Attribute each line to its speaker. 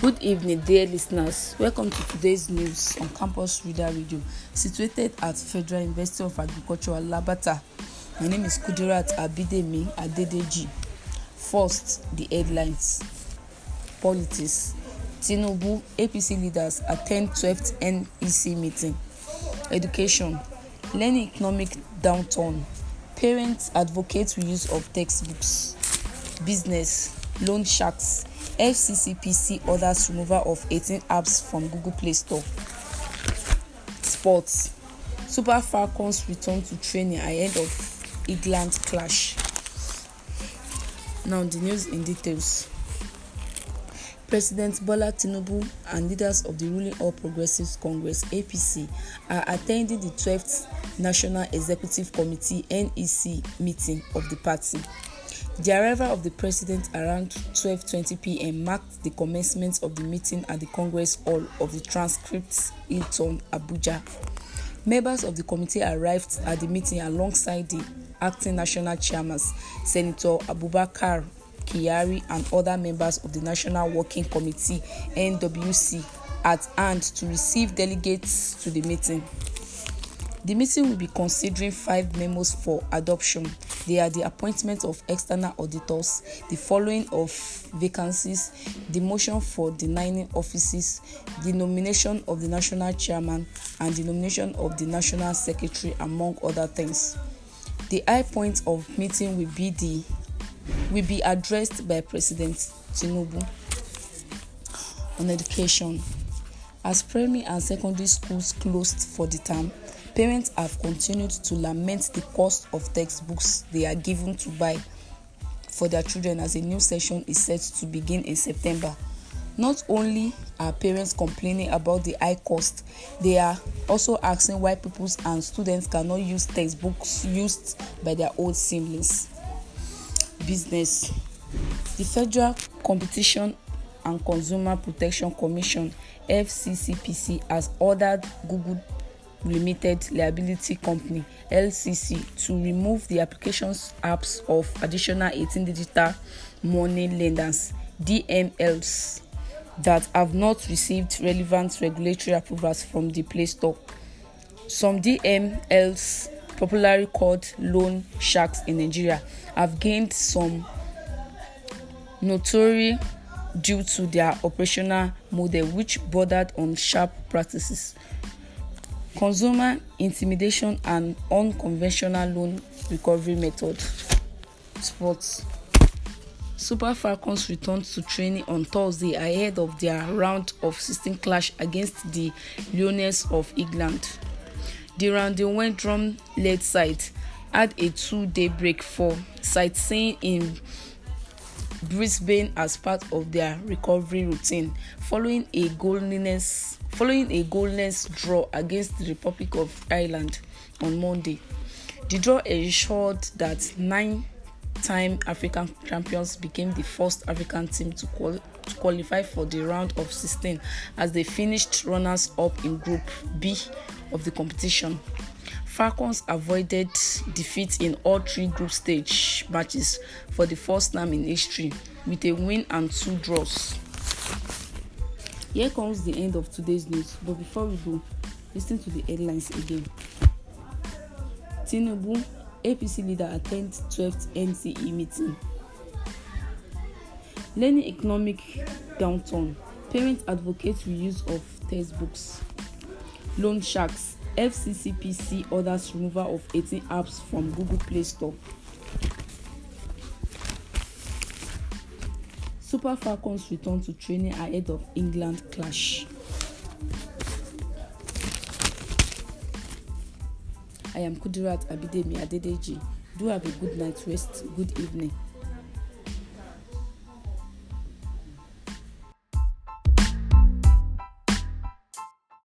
Speaker 1: Good evening, dear listeners. Welcome to today's news on Campus Reader Radio, situated at Federal University of Agriculture, Labata. My name is Kudirat Abidemi Adedeji. First, the headlines. Politics. Tinubu APC leaders attend 12th NEC meeting. Education. Learning economic downturn. Parents advocate reuse of textbooks. Business. Loan sharks FCCPC orders removal of 18 apps from Google Play Store. Sports Super Falcons return to training ahead of England clash. Now, the news in details. President Bola Tinubu and leaders of the ruling All Progressives Congress APC are attending the 12th National Executive Committee NEC meeting of the party. The arrival of the president around 12:20 p.m. marked the commencement of the meeting at the Congress Hall of the Transcripts Hilton, Abuja. Members of the committee arrived at the meeting alongside the acting national chairman, Senator Abubakar Kiari, and other members of the National Working Committee (NWC) at hand to receive delegates to the meeting. The meeting will be considering five memos for adoption. They are the appointment of external auditors, the following of vacancies, the motion for denying offices, the nomination of the national chairman, and the nomination of the national secretary, among other things. The high point of meeting will be the will be addressed by President Tinubu on education. As primary and secondary schools closed for the term, Parents have continued to lament the cost of textbooks they are given to buy for their children as a new session is set to begin in September. Not only are parents complaining about the high cost, they are also asking why pupils and students cannot use textbooks used by their old siblings. Business The Federal Competition and Consumer Protection Commission FCCPC has ordered Google limited liability company lcc to remove the applications apps of additional 18 digital money lenders dmls that have not received relevant regulatory approvals from the play store some dmls popularly called loan sharks in nigeria have gained some notoriety due to their operational model which bordered on sharp practices Consumer Intimidation and Unconventional Loan Recovery Method Sports Super Falcons returned to training on Thursday ahead of their round of 16 clash against the Lions of England. The round Randy Drum led side had a two-day break for sightseeing in Brisbane as part of their recovery routine following a goalless following a goalless draw against the Republic of Ireland on Monday. The draw ensured that nine-time African champions became the first African team to, qual- to qualify for the round of 16 as they finished runners-up in Group B of the competition. Falcons avoided defeat in all three group stage matches for the first time in history with a win and two draws. Here comes the end of today's news, but before we go, listen to the headlines again. Tinubu, APC leader attends 12th NCE meeting. Learning economic downturn, parents advocate reuse of textbooks. Loan sharks FCCPC orders removal of 18 apps from Google Play Store. Super Falcons return to training ahead of England clash. I am Kudirat Abidemi Adedeji. Do have a good night's rest, good evening.